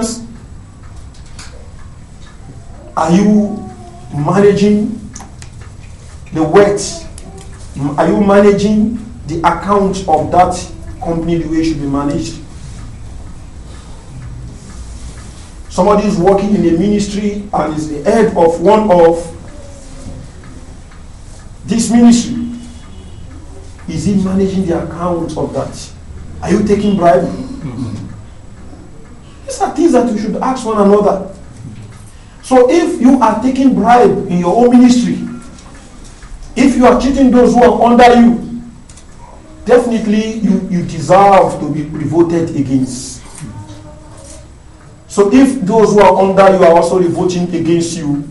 times are you managing the weight? Are you managing the account of that company the way it should be managed? Somebody is working in a ministry and is the head of one of this ministry. Is he managing the account of that? Are you taking bribe? Mm -hmm. These are things that you should ask one another. So if you are taking bribe in your own ministry, if you are cheating those who are under you, definitely you, you deserve to be revolted against. So if those who are under you are also revolting against you,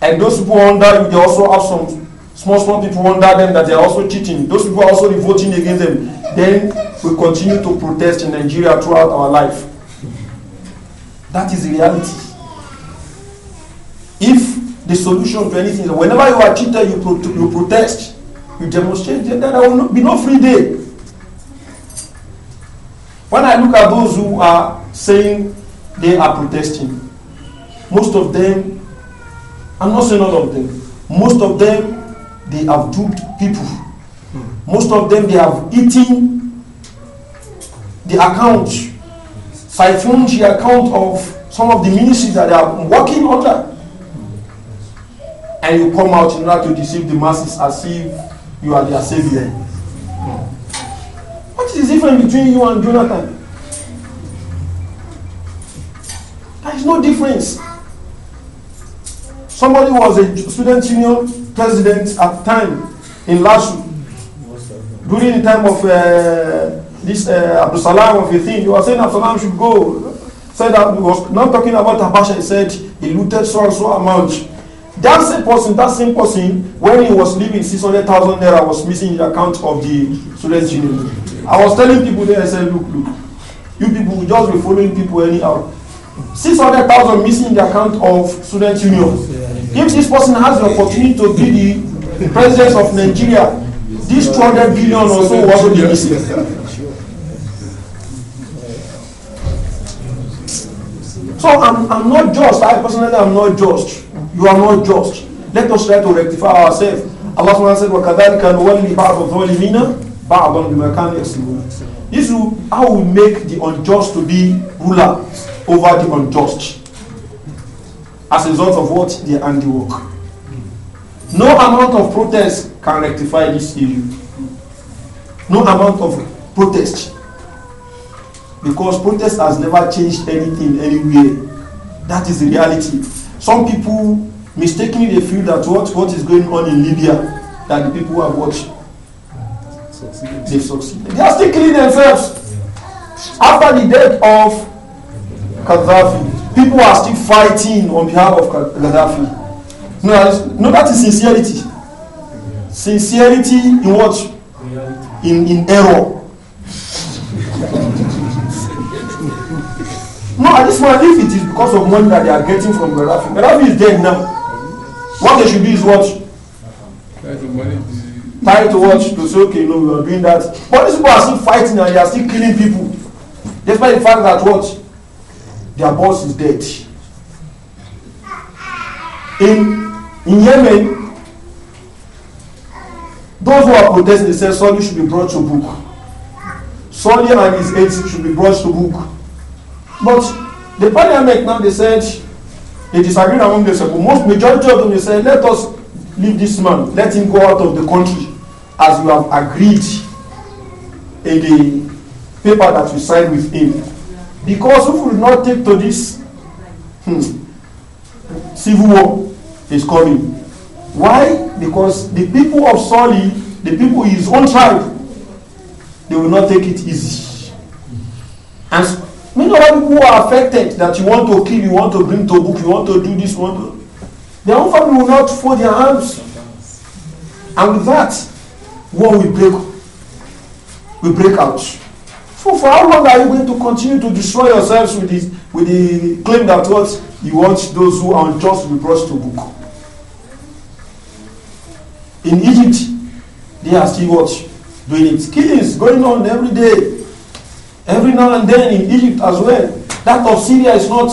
and those people under you, they also have some small, small people under them that they are also cheating. Those people are also revolting against them. Then we continue to protest in Nigeria throughout our life. That is the reality. If the solution to anything is whenever you are cheated, you, pro you protest, you demonstrate, then there will be no free day. When I look at those who are saying they are protesting, most of them, I'm not saying all of them, most of them, they have duped people. Hmm. Most of them, they have eaten the account Fifungji account of some of the ministries that they are working under. And you come out in order to deceive the masses as if you are their savior. What is the difference between you and Jonathan? There is no difference. Somebody was a student union president at the time in Lasu during the time of uh, this uh, Abdul Salam of Yathin, you are saying Abdul Salam should go. Said that was not talking about Habasha, he said he looted so and so amount. That same person, that same person, when he was leaving 600,000 naira was missing in the account of the students union. I was telling people there, I said, look, look, you people will just be following people anyhow. 600,000 missing in the account of student union. If this person has the opportunity to be the president of Nigeria, this 200 billion or so will be missing. So I'm, I'm not just. I personally am not just. You are not just. Let us try to rectify ourselves. Allah subhanahu wa ta'ala said, وَكَذَلِكَ نُوَلِّي بَعْضَ الظَّالِمِينَ بَعْضًا بِمَا كَانُوا This is how we make the unjust to be ruler over the unjust as a result of what they handiwork. No amount of protest can rectify this issue. No amount of protest because protest has never changed anything anywhere that is the reality some people mistakenly they feel that what what is going on in libya that the people who have watched they succeeded they are still killing themselves after the death of gaddafi people are still fighting on behalf of gaddafi no no that is sincerity sincerity in what in in error No, at this point, if it is because of money that they are getting from Gaddafi, Gaddafi is dead now. What they should do is watch, Try to watch to say, okay, no, we are doing that. But these people are still fighting and they are still killing people. Despite the fact that what? Their boss is dead. In, in Yemen, those who are protesting, they said Sunni should be brought to book. Sunni and his aides should be brought to book. But the parliament now they said they disagreed among themselves. But most majority of them they said, let us leave this man, let him go out of the country, as you have agreed in the paper that you signed with him. Because if we do not take to this, hmm, civil war is coming. Why? Because the people of Soli, the people his own tribe, they will not take it easy. And Many other people who are affected that you want to kill, you want to bring to book, you want to do this, one, to, their own family will not fold their hands, And with that, one will break will break out. So for how long are you going to continue to destroy yourselves with this with the claim that what you want those who are unjust to be brought to book? In Egypt, they are still what? Doing it. Killings going on every day. Every now and then in Egypt as well. That of Syria is not.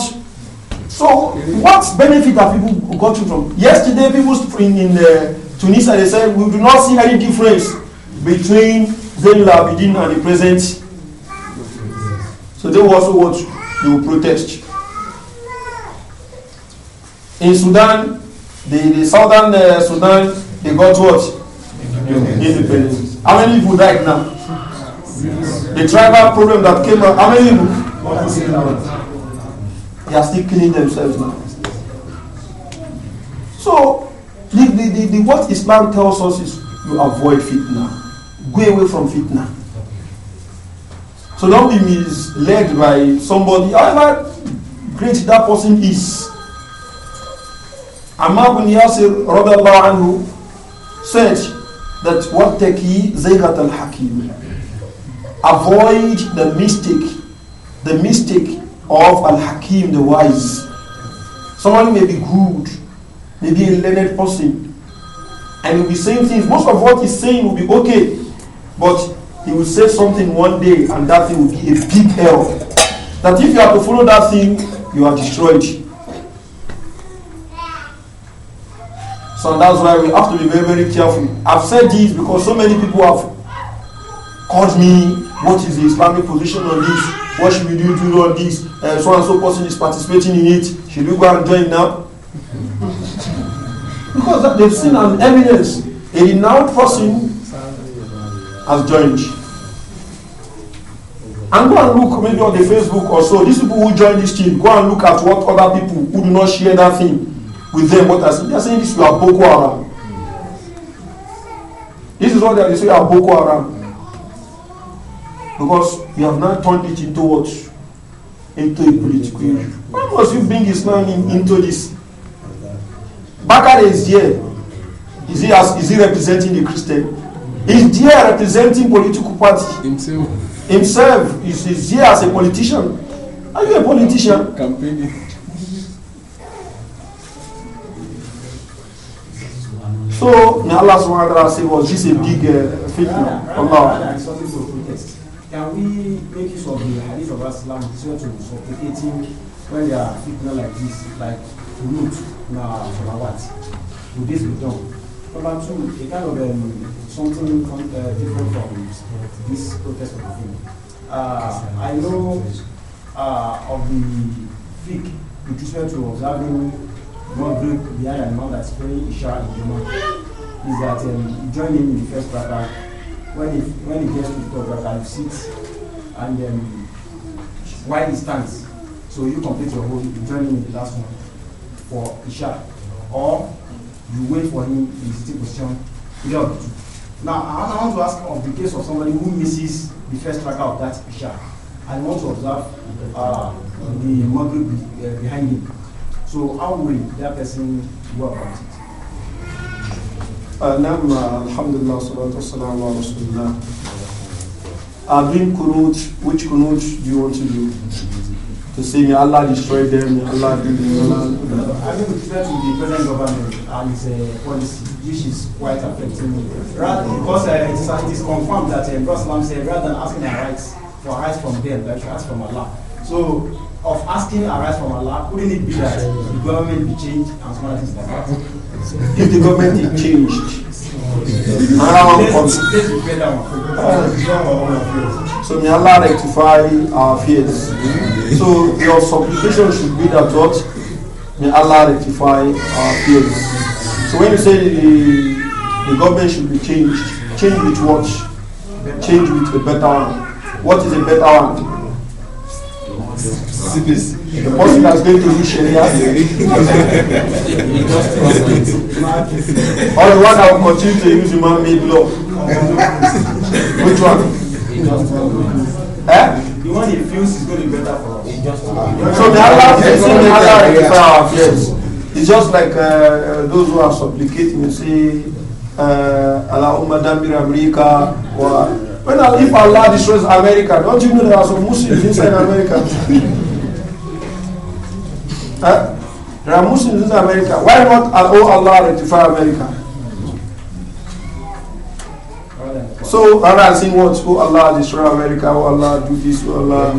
So, what benefit have people got from? Yesterday, people in, in the uh, Tunisia, they said, we do not see any difference between Zainul Abidin and the present. So they also want, they protest. In Sudan, the, the southern uh, Sudan, they got what? Independence. How many people died now? The tribal problem that came out, how many They are still killing themselves now. So, the, the, the, the, what Islam tells us is you avoid fitna. Go away from fitna. So don't be misled by somebody, however great that person is. Ammar bin Yasir anhu, said that what taki zaygat al-hakim avoid the mistake, the mistake of Al-Hakim, the wise. Someone may be good, maybe a learned person, and will be saying things. Most of what he's saying will be okay, but he will say something one day, and that thing will be a big error. That if you have to follow that thing, you are destroyed. So that's why we have to be very, very careful. I've said this because so many people have called me what is the islamic position on this what should we do do on this uh, so and so person is participating in it should we go and join now because that they've seen an evidence a renowned person has joined and go and look maybe on the facebook or so these people who join this team go and look at what other people who do not share that thing with them what are saying they are saying this you are boko haram this is what they are saying you are boko haram Because you have now turned it into what? Into a political issue. Why must you bring Islam in, into this? Bakare is here. Is he, as, is he representing the Christian? Is there representing political party? Himself. Himself is, is here as a politician. Are you a politician? Campaigning. so, may Allah subhanahu wa ta'ala say, was this a big uh, fitna? Allah. Can we make use of the hadith of Islam to supplicating when they are fitna like this, like root na salawat? Will this be done? Number two, a kind of um, something uh, different from this protest of the thing. Uh, I know uh, of the fiqh with respect to observing one break behind an imam that's praying Isha in Juma is that um, joining in the first part. when he, when he gets to the top, you can sit and um, while he stands. So you complete your whole, you join him in the last one for Isha. Or you wait for him in the sitting position, two. Now, I want to ask of the case of somebody who misses the first tracker of that Isha I want to observe uh, the Maghrib uh, behind him. So how will that person work? نعم Alhamdulillah, لله والصلاة والسلام على رسول I've been kunut. Which kunut do you want to do? To say, may Allah destroy them, may Allah do them. I mean, with respect to the present government and its uh, policy, which is quite affecting me. Rather, because uh, uh it is confirmed that uh, Islam said, rather than asking our rights for rights from them, that you ask from Allah. So, of asking our rights from Allah, wouldn't it be that the government be changed and some things like that? If the government is changed, another one So may Allah rectify our fears. So your supplication should be that what? May Allah rectify our fears. So when you say the, the government should be changed, change with what? Change with a better one. What is a better one? CPC. The person that's going to do Sharia or the one that will continue to use human made law. Which one? Eh? eh? The one he feels is going to be better for us. Just uh, so the Allah is in the Allah rectify It's just like uh, those who are supplicating, you see, uh, Allahumma damir America. When, if Allah destroys America, don't you know there are some Muslims inside America? There are Muslims in America. Why not allow Allah rectify America? So rather than saying what, oh Allah destroy America, oh Allah do this, oh Allah.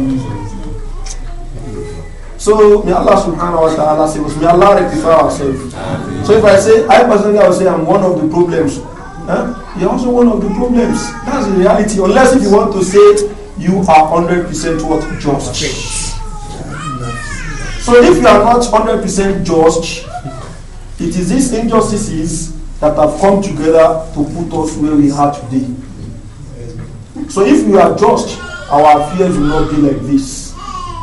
So may Allah subhanahu wa ta'ala say, may Allah rectify ourselves. So if I say, I personally I would say I'm one of the problems. Huh? You're also one of the problems. That's the reality. Unless if you want to say you are 100% what? Just. So if you are not 100% just, it is these injustices that have come together to put us where we are today. So if we are just, our fears will not be like this.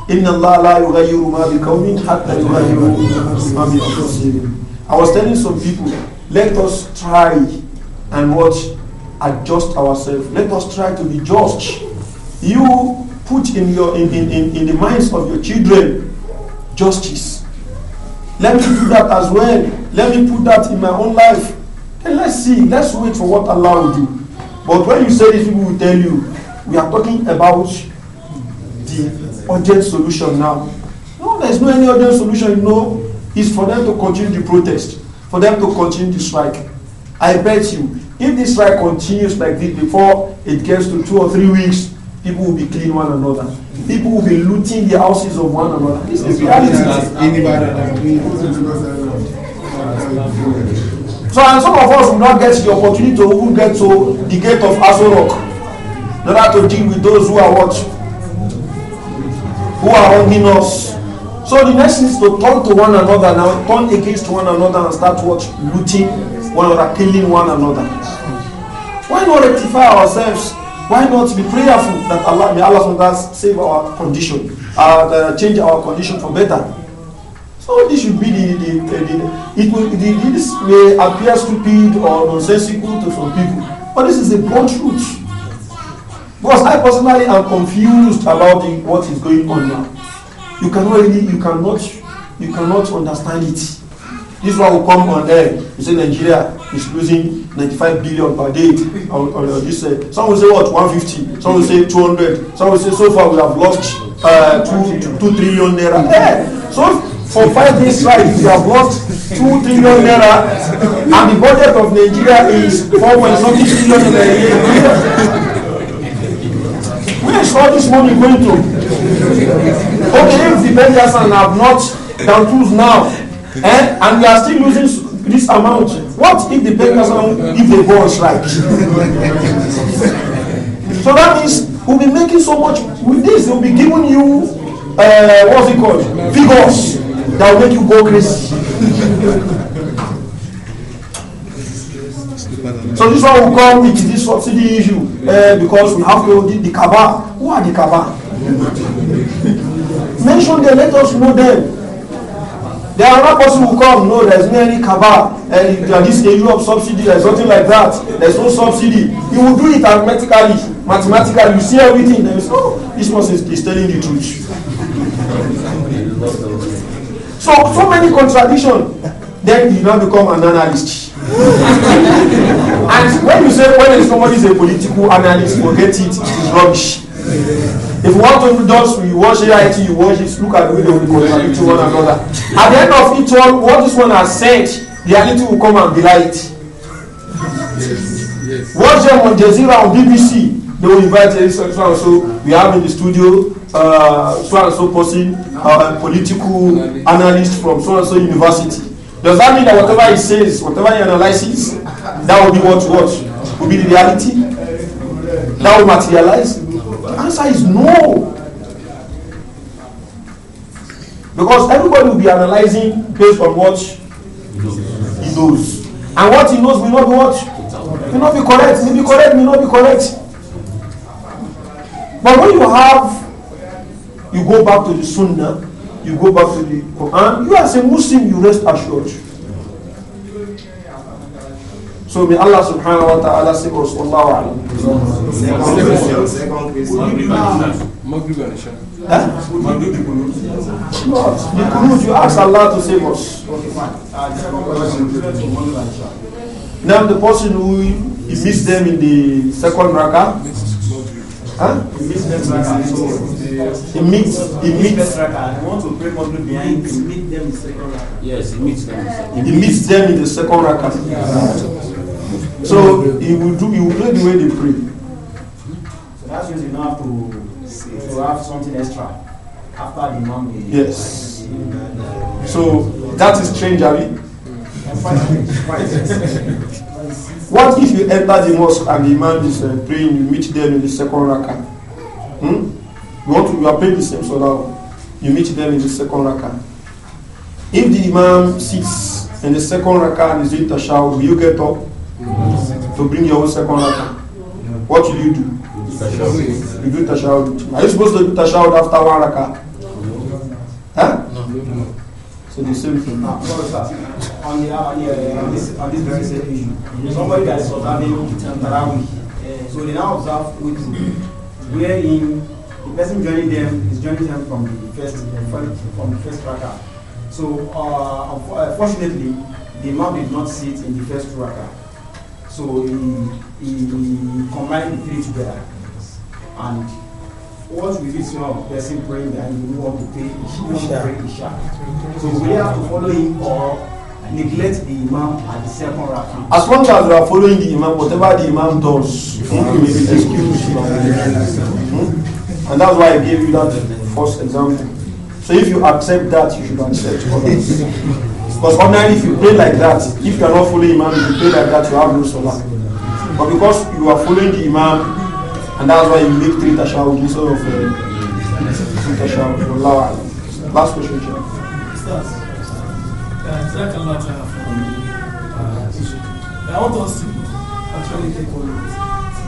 Inna إن الله لا يغير ما بقوم حتى يغيروا ما بأنفسهم. I was telling some people, let us try and what adjust ourselves. Let us try to be just. You put in your in, in, in, in the minds of your children justice. Let me do that as well. Let me put that in my own life. Then let's see. Let's wait for what Allah will do. But when you say this, people will tell you, we are talking about the urgent solution now. No, there's no any urgent solution. No, it's for them to continue the protest, for them to continue the strike. I bet you, if this strike continues like this before it gets to two or three weeks, people will be killing one another. People will be looting the houses of one another. This is reality. So, and some of us will not get the opportunity to even get to the gate of Azorok in order to deal with those who are what? Who are hugging us. So the next is to turn to one another now, turn against one another and start what? Looting one another, killing one another. Why not rectify ourselves? Why not be prayerful that Allah may Allah sometimes save our condition, uh, change our condition for better? So this should be the, the, the, the it will the, this may appear stupid or nonsensical to some people, but this is the broad truth. Because I personally am confused about the, what is going on now. You cannot really, you cannot, you cannot understand it. This one will come on air. You say Nigeria is losing ninety-five billion per day. Or, or, or this, uh, some will say what one fifty. Some will say two hundred. Some will say so far we have lost uh, two, two, two trillion naira. Yeah. So for five days right we have lost two trillion naira, and the budget of Nigeria is four point something trillion naira. Where is all this money going to? Okay, if the Benjamins have not done tools now eh? and we are still losing this amount. What if the person, if they go on strike? so that means we'll be making so much with this. They'll be giving you, uh, what's it called, figures that will make you go crazy. so this one will come with this subsidy issue uh, because we have to the, the Kaaba. Who are the Kaaba? Mention them, let us know them. There are not person who come. No, there is no any cabal. And uh, this issue of subsidy, there's nothing like that. There is no subsidy. He will do it arithmetically, mathematically. You see everything. There is no. Oh, this person is, telling the truth. so, so many contradiction. Then you now become an analyst. and when you say when somebody is a political analyst, forget it. It is rubbish. If you want to just you watch it, you watch it, look at the way they will contradict to one another. At the end of each one, what this one has said, reality will come and belie it. Yes, yes. Watch them on Jazeera on BBC. They will invite so and so. We have in the studio uh, so and so person, uh, political analyst from so and so university. Does that mean that whatever he says, whatever he analyses, that will be what what will be the reality? That will materialize. The answer is no. Because everybody will be analyzing based on what he knows. And what he knows will not be what? Will not be correct. Will be correct, will not be correct. But when you have, you go back to the Sunnah, you go back to the Quran, you as a Muslim, you rest assured. So may Allah subhanahu wa ta'ala save us. Wallahu alam. second Christmas. Maghrib and Isha. Maghrib the Kunut. No, the Kunut, you ask Allah to save us. Okay, fine. Ah, now the person who he missed them in the second raka. Huh? He missed them rakah. So he meets. He missed. I want to pray Maghrib behind. He meets them in the second raka. Yes, he meets them. He meets them in the second raka. So he will do. He will pray the way they pray. have something extra after the non Yes. So that is strange, Abi. what if you enter the mosque and the imam is uh, praying, you meet them in the second raka. Hmm? You, you are praying the same salah, you meet them in the second raka. If the imam sits in the second raka and is doing tashahud, will you get up to bring your own second rakah? What will you do? You do tashahud. Are you supposed to do tashahud after one rakah? Huh? No. So the same thing. No, On, the, on, the, on, this, on this very same issue, somebody that is observing Tarawih, so they now observe with wherein the person joining them is joining them from the first from the first rakah. So uh, fortunately, the imam did not sit in the first rakah. So he, he, he combined the three together. and once we religion of person praying that you want to pay he Isha. Pray the Shah. So we have to follow him or neglect the imam at the second rakah. As long as you are following the imam, whatever the imam does, you may be excused. Hmm? And that's why I gave you that first example. So if you accept that, you should accept others. Because ordinarily, if you pray like that, if you are not following imam, if you pray like that, you have no salah. But because you are following the imam, And that's why you make three tashahud instead of two uh, tashahud. Allah Last question, Shaykh. Uh, I want us to actually take all of this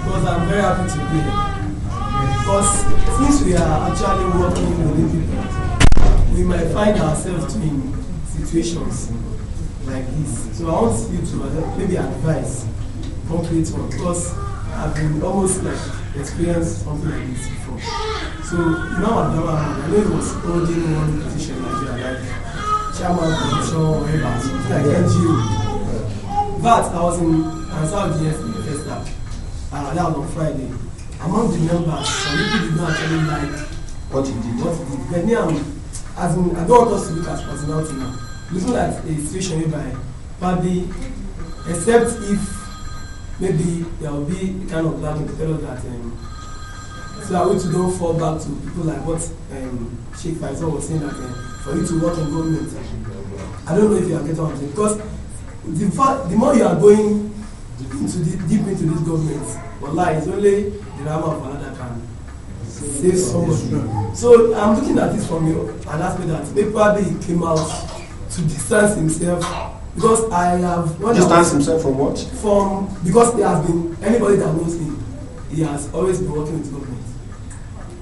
because I'm very happy to be here. Because since we are actually working with people, we might find ourselves in situations like this. So I want you to uh, maybe advise concrete one because I've been almost like experience something like this before. So now I've never heard. I know it was holding one position in Nigeria, like chairman, commissioner, whatever, something like NGO. But I was in Ansar DF first time. Uh, that was on Friday. Among the members, some people did not actually like what he did. What he did. But now, as in, I don't want us to look at personality now. Looking at a situation whereby probably, except if maybe there will be a kind of that to tell us that um, so that we to don't fall back to people like what um, Sheikh Faisal was saying that uh, for you to work in government. Um, I don't know if you are getting what I'm saying because the, the more you are going into the, deep into this government, Allah is only the Rama of Allah that can save someone. So I'm looking at this from and aspect that maybe he came out to distance himself because I have when distance himself from what? From because there has been anybody that knows him, he has always been working with government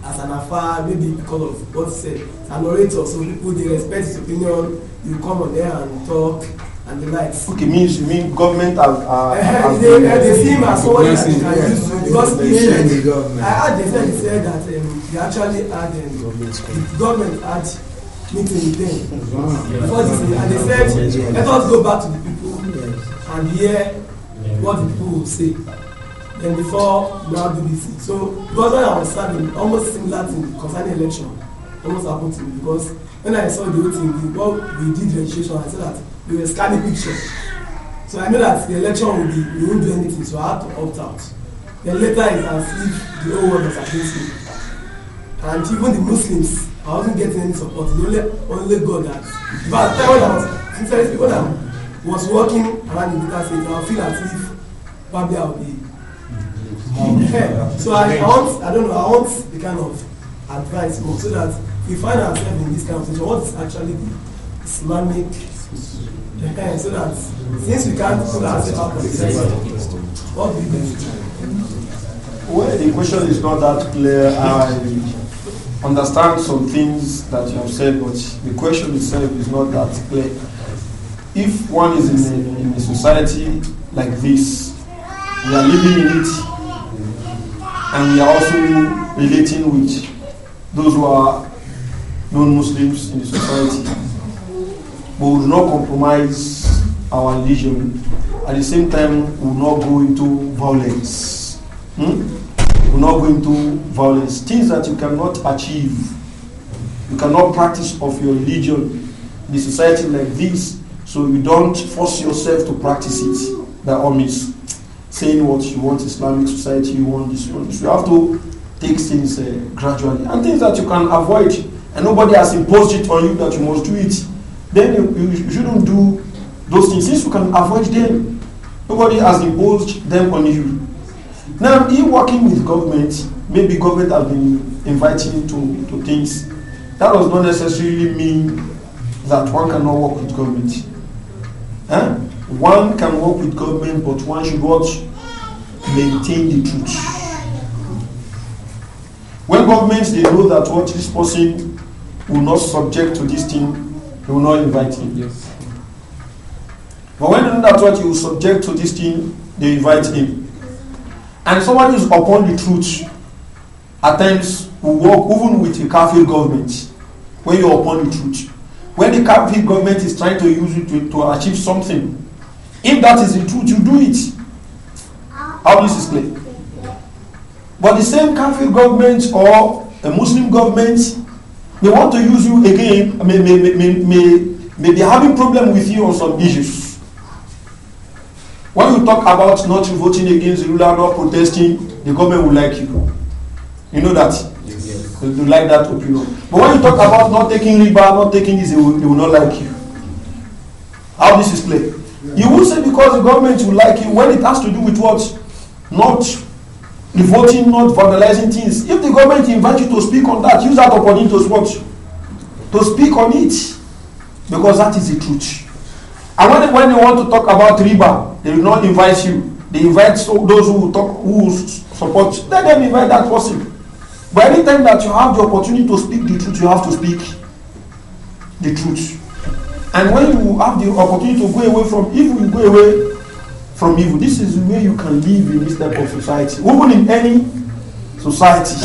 as an affair maybe because of what he said an orator so people dey respect his opinion you come on there and talk and the likes. okay means you mean government has. Uh, eh, eh, has they, been, they, eh, they see him as someone that can use because he said I heard the friend say that um, they actually had um, the government had meeting with them before this year and they said let us go back to the people and hear what the people will say then before we now do this so because when i was serving almost similar thing concerning election almost happen to me because when i saw the voting, thing the well we did registration i said that we were scanning pictures so i knew that the election will be we won't do anything so i had to opt out then later it's as if the whole world was against me And even the Muslims, I wasn't getting any support. only, only God that. But I when I was, when I was walking around the Delta State, I feel as if probably will be. So I, I want, I don't know, I want the kind of advice more so that we find ourselves in this kind of situation. What is actually Islamic? Eh, so that since we can't put ourselves out of what do you think? Well, the question is not that clear. I understand some things that you have said, but the question itself is not that clear. If one is in a, in a society like this, we are living in it, and we are also relating with those who are non-Muslims in the society. But we will not compromise our religion. At the same time, we will not go into violence. Hmm? will not go into violence. Things that you cannot achieve, you cannot practice of your religion in a society like this, so you don't force yourself to practice it by all means. Saying what you want, Islamic society, you want this, you want this. You have to take things uh, gradually and things that you can avoid, and nobody has imposed it on you that you must do it. Then you, you shouldn't do those things. Since you can avoid them, nobody has imposed them on you. Now, in working with government, maybe government have been inviting you to, to things. That does not necessarily mean that one cannot work with government. Huh? One can work with government, but one should what maintain the truth. When governments they know that what this person will not subject to this thing, they will not invite him. Yes. But when they know that what he will subject to this thing, they invite him. And somebody who's upon the truth at times will work even with the kafir government when you're upon the truth. When the kafir government is trying to use you to, to achieve something, if that is the truth, you do it. How this is clear. But the same kafir government or a Muslim government may want to use you again, may, may, may, may, may be having problem with you on some issues. When you talk about not voting against the ruler, not protesting, the government will like you. You know that? Yes. They will like that opinion. But when you talk about not taking riba, not taking this, they will, they will not like you. How this is played? You will say because the government will like you when it has to do with what? Not voting, not vandalizing things. If the government invite you to speak on that, use that opportunity to what? To speak on it. Because that is the truth. And when, when they want to talk about riba, they will not invite you. They invite so, those who talk, who support. Let them invite that person. But anytime that you have the opportunity to speak the truth, you have to speak the truth. And when you have the opportunity to go away from evil, you go away from evil. This is where you can live in this type of society. Even in any society.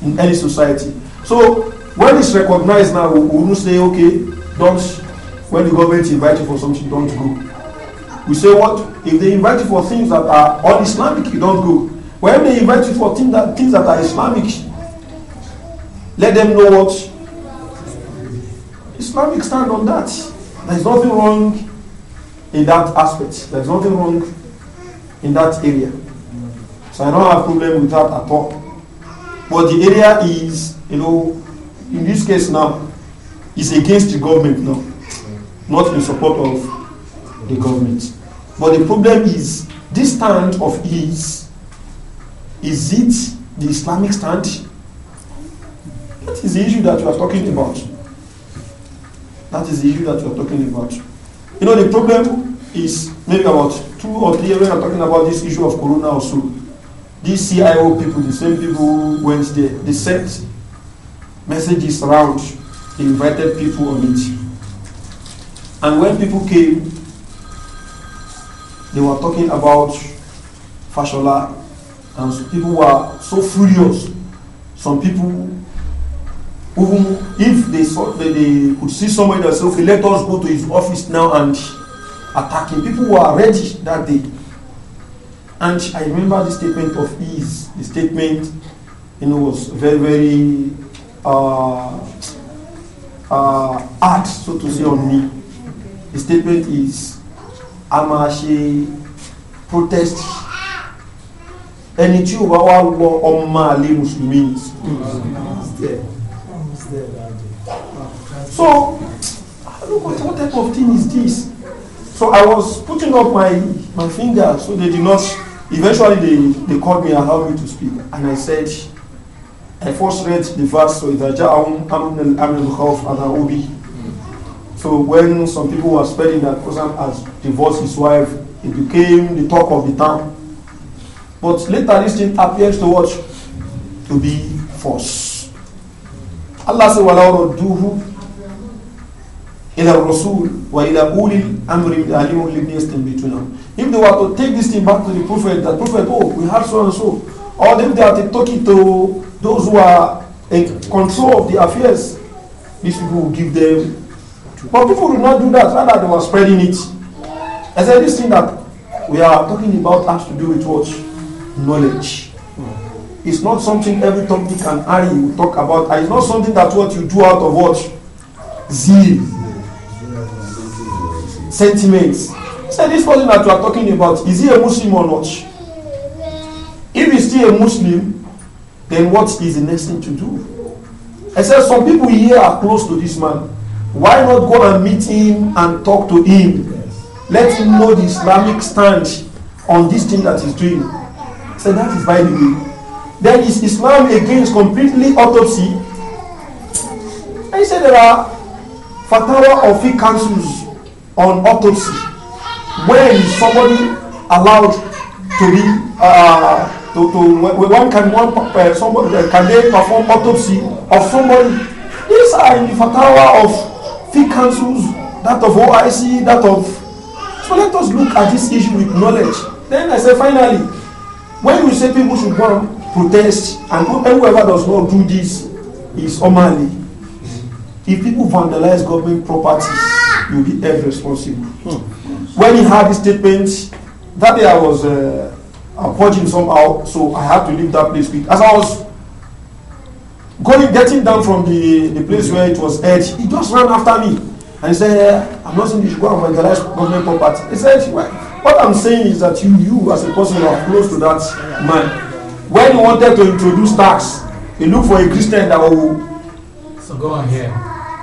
In any society. So when it's recognized now, we will say, okay, don't when the government invite you for something, don't go. We say what? If they invite you for things that are un-Islamic, you don't go. When they invite you for things that, things that are Islamic, let them know what Islamic stand on that. There is nothing wrong in that aspect. There is nothing wrong in that area. So I don't have problem with that at all. But the area is, you know, in this case now, is against the government now. not in support of the government. But the problem is this stand of his, is it the Islamic stand? That is the issue that we are talking about. That is the issue that we are talking about. You know, the problem is maybe about two or three years we are talking about this issue of corona also. These CIO people, the same people went there, they sent messages around, they invited people on it. And when people came, they were talking about Fashola, and people were so furious. Some people, even if they saw, they, they could see somebody that said, "Okay, let us go to his office now and attack him." People were ready that day. And I remember the statement of ease. The statement, you know, was very, very uh, uh, hard, so to say, on me. the statement is a máa ṣe protest ẹni tí ò bá wá wọ ọmọ àlè mùsùlùmí so look what, what type of thing is this so i was putting up my my finger so they did not eventually they they called me and allowed me to speak and i said i first read the verse so ìdájà àwọn amúnel amúnel khawf àdàwóbi. So when some people were spreading that Kosan has divorced his wife, it became the talk of the town. But later this thing appears to watch To be false. Allah said, ila Rasul wa ila وَإِلَى amri الْأَمْرِ مِنْ لِبْنِ يَسْتَنْبِتُونَ If they were to take this thing back to the Prophet, that Prophet, oh, we have so and so. Or if they are to take it to those who are in control of the affairs, these people will give them But people did not do that, so that they were spreading it. I said, this thing that we are talking about has to do with what? Knowledge. It's not something every topic can area you talk about. And it's not something that what you do out of what? Zeal. Mm. Sentiments. So this person that you are talking about, is he a Muslim or not? If he's still a Muslim, then what is the next thing to do? I said, some people here are close to this man. Why not go and meet him and talk to him? Let him know the Islamic stand on this thing that he's doing. So that is by the way. Then is Islam against completely autopsy? And he said there are fatwa or fee councils on autopsy. When somebody allowed to be uh, to, to one can one uh, somebody, uh, can they perform autopsy of somebody? These are in the fatwa of Fiqh councils, that of OIC, that of. So let us look at this issue with knowledge. Then I say, finally, when we say people should go and protest, and whoever does not do this is Omali. If people vandalize government properties, you'll be held responsible. Hmm. When he had his statement, that day I was uh, approaching somehow, so I had to leave that place quick. As I was going getting down from the, the place where it was held, he just ran after me and said, I'm not saying you should go and vandalize government property. He said, well, what I'm saying is that you, you as a person, are close to that man. When he wanted to introduce tax, he looked for a Christian that will so go ahead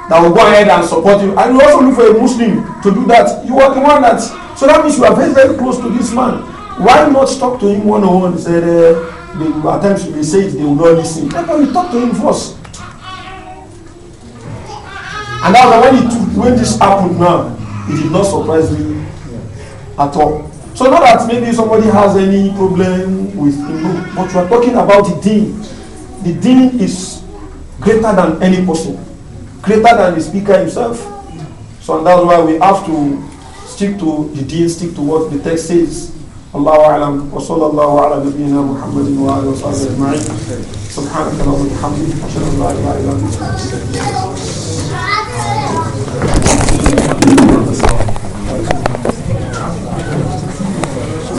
That will go ahead and support you. And you also look for a Muslim to do that. You are the one that so that means you are very, very close to this man. Why not talk to him one on one? He said, uh, They, at times we say it, they will not listen. That's why we talk to him first. And that's why when, it, when this happened now, it did not surprise me at all. So not that maybe somebody has any problem with him, but we are talking about the deen. The deen is greater than any person, greater than the speaker himself. So and that's why we have to stick to the deen, stick to what the text says. الله أعلم وصلى الله على نبينا محمد وآله وصحبه أجمعين سبحانك اللهم وبحمدك أشهد أن لا إله إلا أنت